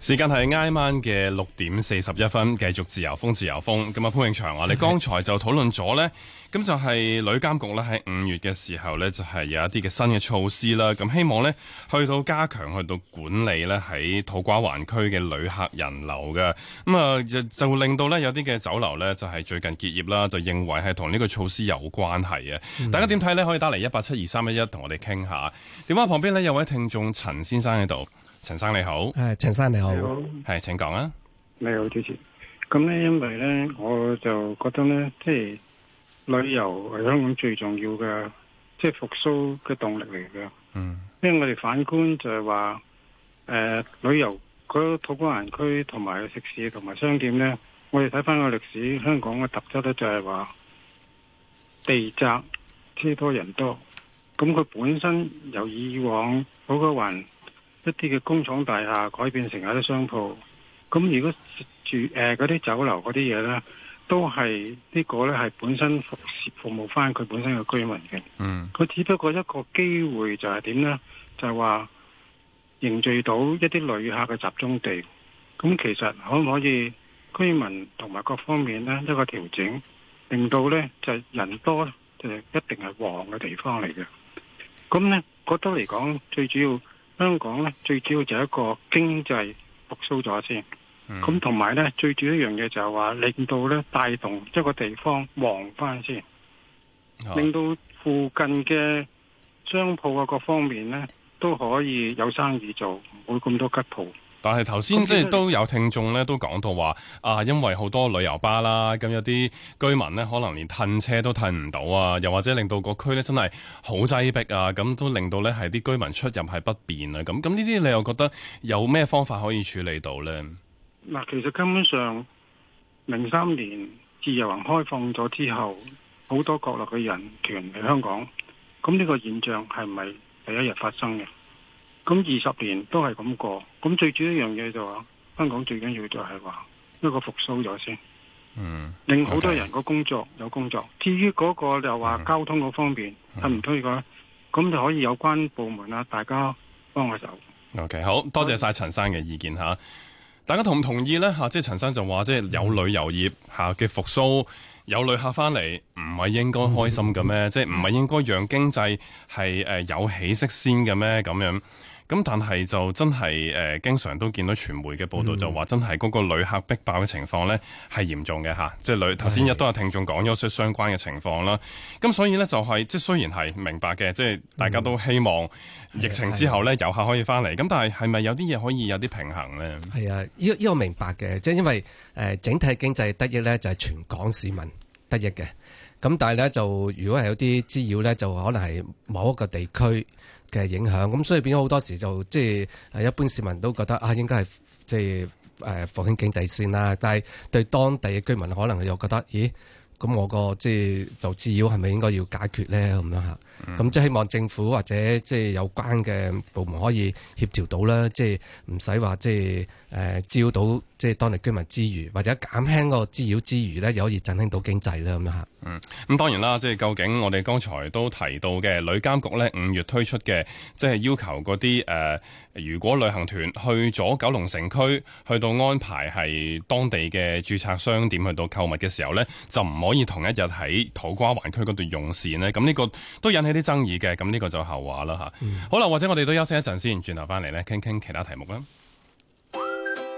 時間係挨晚嘅六點四十一分，繼續自由風自由風。咁啊，潘永祥啊，你剛才就討論咗呢。咁、mm hmm. 就係旅監局呢，喺五月嘅時候呢，就係有一啲嘅新嘅措施啦。咁希望呢，去到加強去到管理呢，喺土瓜灣區嘅旅客人流嘅。咁啊就令到呢有啲嘅酒樓呢，就係最近結業啦，就認為係同呢個措施有關係嘅。Mm hmm. 大家點睇呢？可以打嚟一八七二三一一同我哋傾下。電話旁邊呢，有位聽眾陳先生喺度。陳生你好，係陳生你好，係，請講啊。你好主持人，咁咧因為咧，我就覺得咧，即係旅遊係香港最重要嘅，即係復蘇嘅動力嚟嘅。嗯，因為我哋反觀就係話，誒、呃，旅遊嗰土瓜灣區同埋食肆同埋商店咧，我哋睇返個歷史，香港嘅特質咧就係話地窄車多人多，咁佢本身由以往土瓜灣。一啲嘅工廠大廈改變成係啲商鋪，咁如果住誒嗰啲酒樓嗰啲嘢呢，都係呢、呢個呢係本身服服務翻佢本身嘅居民嘅。嗯，佢只不過一個機會就係點呢？就話、係、凝聚到一啲旅客嘅集中地。咁其實可唔可以居民同埋各方面呢，一個調整，令到呢就係、人多就係、一定係旺嘅地方嚟嘅。咁呢，覺得嚟講最主要。香港咧最主要就係一個經濟復蘇咗先，咁同埋咧最主要一樣嘢就係話令到咧帶動一個地方旺翻先，嗯、令到附近嘅商鋪啊各方面咧都可以有生意做，唔會咁多吉鋪。但係頭先即係都有聽眾咧，都講到話啊，因為好多旅遊巴啦，咁有啲居民咧，可能連褪車都褪唔到啊，又或者令到個區咧真係好擠逼啊，咁都令到咧係啲居民出入係不便啊，咁咁呢啲你又覺得有咩方法可以處理到呢？嗱，其實根本上零三年自由行開放咗之後，好多國內嘅人權嚟香港，咁呢個現象係唔係第一日發生嘅？咁二十年都係咁過，咁最主要一樣嘢就話，是，香港最緊要就係話一個復甦咗先，嗯，令好多人個工作有工作。Okay. 至於嗰個又話交通個方面，係唔、嗯、同意嘅，咁就可以有關部門啊，大家幫我手。O、okay, K，好多謝晒陳生嘅意見吓。大家同唔同意呢？嚇，即係陳生就話，即係有旅遊業嚇嘅復甦，有旅客翻嚟，唔係應該開心嘅咩？即係唔係應該讓經濟係誒有起色先嘅咩？咁樣。咁但係就真係誒，經常都見到傳媒嘅報道，就話真係嗰個旅客逼爆嘅情況呢係嚴重嘅吓，即係旅頭先亦都有聽眾講咗相關嘅情況啦。咁、嗯、所以呢、就係，就係即係雖然係明白嘅，即、就、係、係、大家都希望疫情之後呢遊客可以翻嚟。咁、嗯、但係係咪有啲嘢可以有啲平衡呢？係啊，呢、個、呢、個、我明白嘅，即係因為誒整體經濟得益呢，就係全港市民得益嘅。咁但係呢，就如果係有啲滋擾呢，就可能係某一個地區。嘅影響，咁所以變咗好多時就即係誒，一般市民都覺得啊，應該係即係誒復興經濟先啦。但係對當地嘅居民，可能又覺得，咦，咁我個即係就滋擾，係咪應該要解決咧？咁樣嚇，咁即係希望政府或者即係有關嘅部門可以協調到啦，即係唔使話即係誒滋擾到。即係當地居民之餘，或者減輕個滋擾之餘呢，又可以振興到經濟啦咁樣吓。嗯，咁當然啦，即係究竟我哋剛才都提到嘅旅監局呢，五月推出嘅，即係要求嗰啲誒，如果旅行團去咗九龍城區，去到安排係當地嘅註冊商店去到購物嘅時候呢，就唔可以同一日喺土瓜灣區嗰度用膳呢。咁呢個都引起啲爭議嘅。咁呢個就後話啦吓。嗯、好啦，或者我哋都休息一陣先，轉頭翻嚟呢，傾傾其他題目啦。